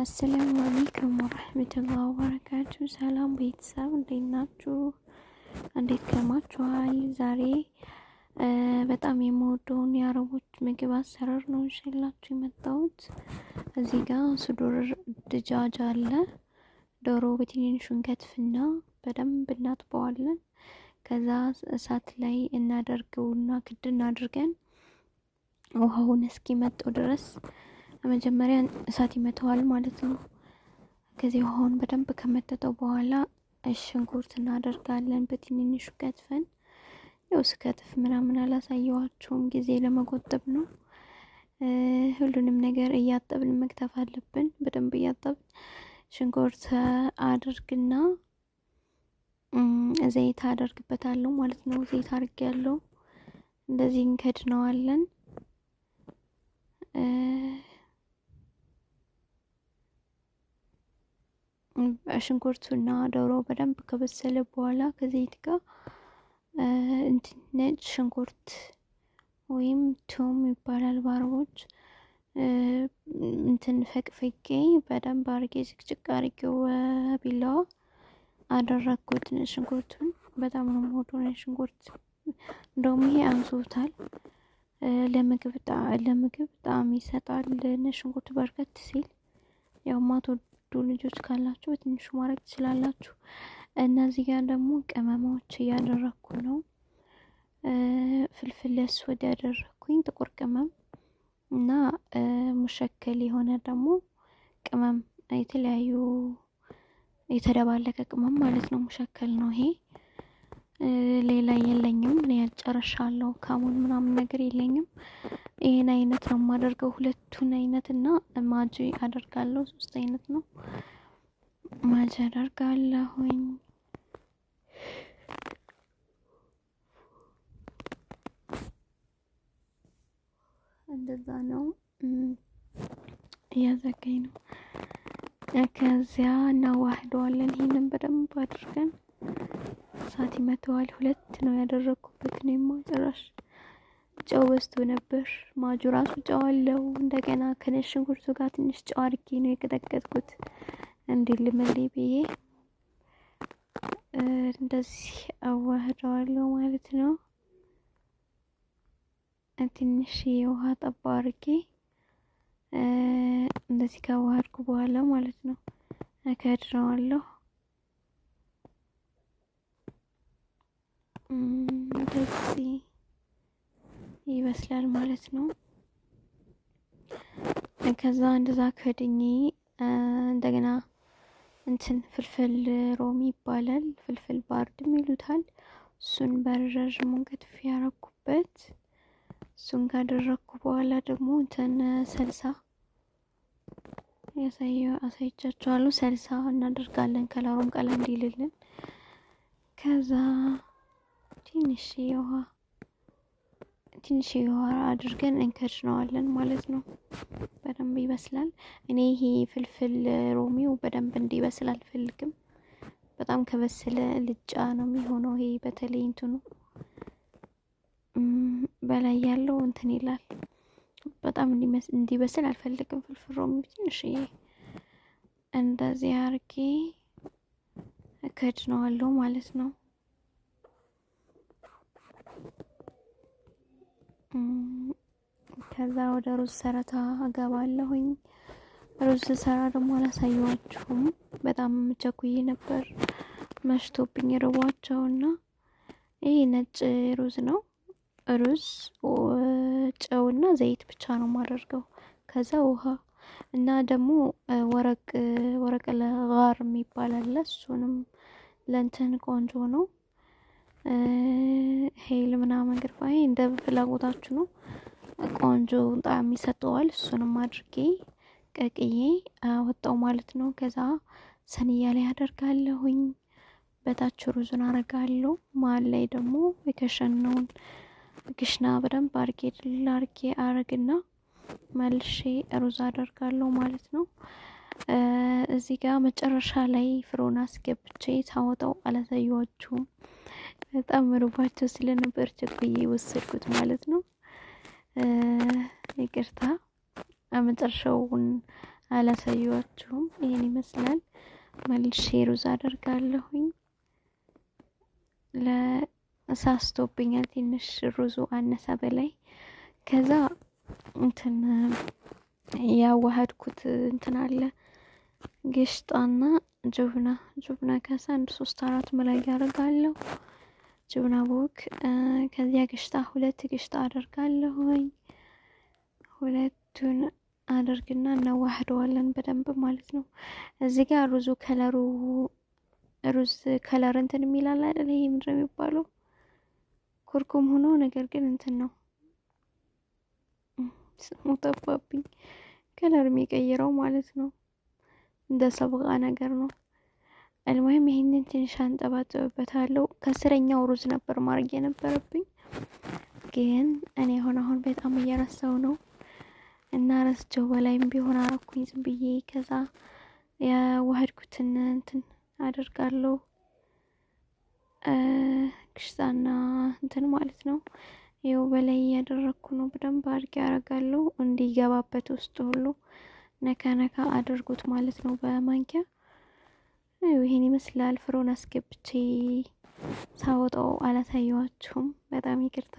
አሰላሙ አለይኩም ወረህመቱላህ ወበረካቱ። ሰላም ቤተሰብ እንዴት ናችሁ? እንዴት ከማችኋል? ዛሬ በጣም የምወደውን የአረቦች ምግብ አሰራር ነው ይዤላችሁ የመጣሁት። እዚህ ጋር ስዱር ድጃጅ አለ። ዶሮ በትንንሹን ከትፍና በደንብ እናጥበዋለን። ከዛ እሳት ላይ እናደርገውና ክድ እናድርገን ውሃውን እስኪመጣው ድረስ መጀመሪያ እሳት ይመተዋል ማለት ነው። ከዚህ ውሃውን በደንብ ከመተተው በኋላ ሽንኩርት እናደርጋለን በትንንሹ ከትፈን። ያው ስከትፍ ምናምን አላሳየዋችሁም ጊዜ ለመቆጠብ ነው። ሁሉንም ነገር እያጠብን መክተፍ አለብን። በደንብ እያጠብን ሽንኩርት አድርግና ዘይት አደርግበታለሁ ማለት ነው። ዘይት አድርግ ያለው እንደዚህ እንከድነዋለን። ሽንኩርቱና ዶሮ በደንብ ከበሰለ በኋላ ከዘይት ጋር እንትን ነጭ ሽንኩርት ወይም ቱም ይባላል በአረቦች እንትን ፈቅፈቄ በደንብ አርጌ ዝቅጭቅ አርጌው ቢላዋ አደረግኩት። ሽንኩርቱን በጣም ነው የምወደው ሽንኩርት። እንደውም ይሄ አንሶታል። ለምግብ ለምግብ ጣዕም ይሰጣል። ሽንኩርቱ በርከት ሲል ያው ማቶ የምትወዱ ልጆች ካላችሁ በትንሹ ማድረግ ትችላላችሁ። እነዚህ ጋር ደግሞ ቅመማዎች እያደረግኩ ነው። ፍልፍል ያስወድ ያደረግኩኝ ጥቁር ቅመም እና ሙሸከል የሆነ ደግሞ ቅመም የተለያዩ የተደባለቀ ቅመም ማለት ነው። ሙሸከል ነው ይሄ ሌላ የለኝም። እኔ ያጨረሻለሁ ካሙን ምናምን ነገር የለኝም። ይህን አይነት ነው የማደርገው። ሁለቱን አይነት እና ማጅ አደርጋለሁ። ሶስት አይነት ነው ማጅ አደርጋለሁኝ። እንደዛ ነው እያዘገኝ ነው። ከዚያ እናዋህደዋለን። ይህንን በደንብ አድርገን ሳት ይመተዋል። ሁለት ነው ያደረግኩበት እኔማ ጭራሽ ጨው በዝቶ ነበር። ማጁ ራሱ ጨው አለው። እንደገና ከነጭ ሽንኩርቱ ጋር ትንሽ ጨው አድርጌ ነው የቀጠቀጥኩት እንዲህ ልመሌ ብዬ እንደዚህ አዋህደዋለሁ ማለት ነው። ትንሽ የውሃ ጠባ አድርጌ እንደዚህ ካዋህድኩ በኋላ ማለት ነው እከድረዋለሁ። እንደዚህ ይመስላል ማለት ነው። ከዛ እንደዛ ከድኜ እንደገና እንትን ፍልፍል ሮሚ ይባላል። ፍልፍል ባርድም ይሉታል። እሱን በረዣዥም መንገድ ያረኩበት። እሱን ካደረኩ በኋላ ደግሞ እንትን ሰልሳ አሳይቻችኋለሁ። ሰልሳ እናደርጋለን ከላሮም ቀላ እንዲልልን ከዛ ትንሽ የውሃ ትንሽ የውሃ አድርገን እንከድነዋለን ማለት ነው። በደንብ ይበስላል። እኔ ይሄ ፍልፍል ሮሚው በደንብ እንዲበስል አልፈልግም። በጣም ከበሰለ ልጫ ነው የሚሆነው። ይሄ በተለይ እንትኑ በላይ ያለው እንትን ይላል። በጣም እንዲበስል አልፈልግም። ፍልፍል ሮሚው ትንሽ እንደዚህ አርጌ እከድነዋለሁ ማለት ነው። ከዛ ወደ ሩዝ ሰረታ እገባለሁኝ። ሩዝ ሰራ ደግሞ አላሳየዋችሁም። በጣም ቸኩዬ ነበር መሽቶብኝ ርቧቸውና ይሄ ነጭ ሩዝ ነው። ሩዝ እና ዘይት ብቻ ነው የማደርገው። ከዛ ውሃ እና ደግሞ ወረቅ ወረቅ ለጋር የሚባል አለ። እሱንም ለእንትን ቆንጆ ነው ሄል ምናምን ግርፋ እንደ ፍላጎታችሁ ነው። ቆንጆ ጣዕም ይሰጠዋል። እሱንም አድርጌ ቀቅዬ አወጣው ማለት ነው። ከዛ ሰንያ ላይ አደርጋለሁኝ። በታች ሩዙን አረጋለሁ። መሀል ላይ ደግሞ የከሸነውን ግሽና በደንብ አርጌ ድል አርጌ አረግና መልሼ ሩዝ አደርጋለሁ ማለት ነው። እዚህ ጋር መጨረሻ ላይ ፍሮን አስገብቼ ሳወጣው አላሳየዋችሁም። በጣም ርቧቸው ስለነበር ቸኩዬ ወሰድኩት ማለት ነው። ይቅርታ መጨረሻውን አላሳየዋችሁም። ይህን ይመስላል። መልሼ ሩዝ አደርጋለሁኝ። ለሳስቶብኛል ትንሽ ሩዙ አነሳ በላይ ከዛ እንትን ያዋሃድኩት እንትን አለ ግሽጣና ጅብና ጅብና ከዛ አንድ ሶስት አራት መላይ ያደርጋለሁ። ጅብና ቦክ ከዚያ ግሽጣ ሁለት ግሽጣ አደርጋለሁኝ። ሁለቱን አደርግና እናዋህደዋለን በደንብ ማለት ነው። እዚህ ጋር ሩዙ ከለሩ ሩዝ ከለር እንትን የሚላል አይደል? ይሄ ምንድነው የሚባለው? ኩርኩም ሆኖ ነገር ግን እንትን ነው ስሙ ጠፋብኝ። ከለር የሚቀይረው ማለት ነው። እንደ ሰብቃ ነገር ነው። አልሙሂም ይህንን ትንሽ አንጠባጥብበታለሁ። ከስረኛው ሩዝ ነበር ማድረግ የነበረብኝ ግን እኔ አሁን አሁን በጣም እየረሳው ነው እና ረስቸው በላይም ቢሆን አረኩኝ ዝም ብዬ ከዛ የዋህድኩትን እንትን አደርጋለሁ ክሽታና እንትን ማለት ነው። ይኸው በላይ እያደረግኩ ነው። በደንብ አድርጌ አደርጋለሁ እንዲገባበት ውስጥ ሁሉ ነካ ነካ አድርጉት ማለት ነው በማንኪያ ይሄን ይመስላል። ፍሮን አስገብቼ ሳወጣው አላሳየዋችሁም። በጣም ይቅርታ።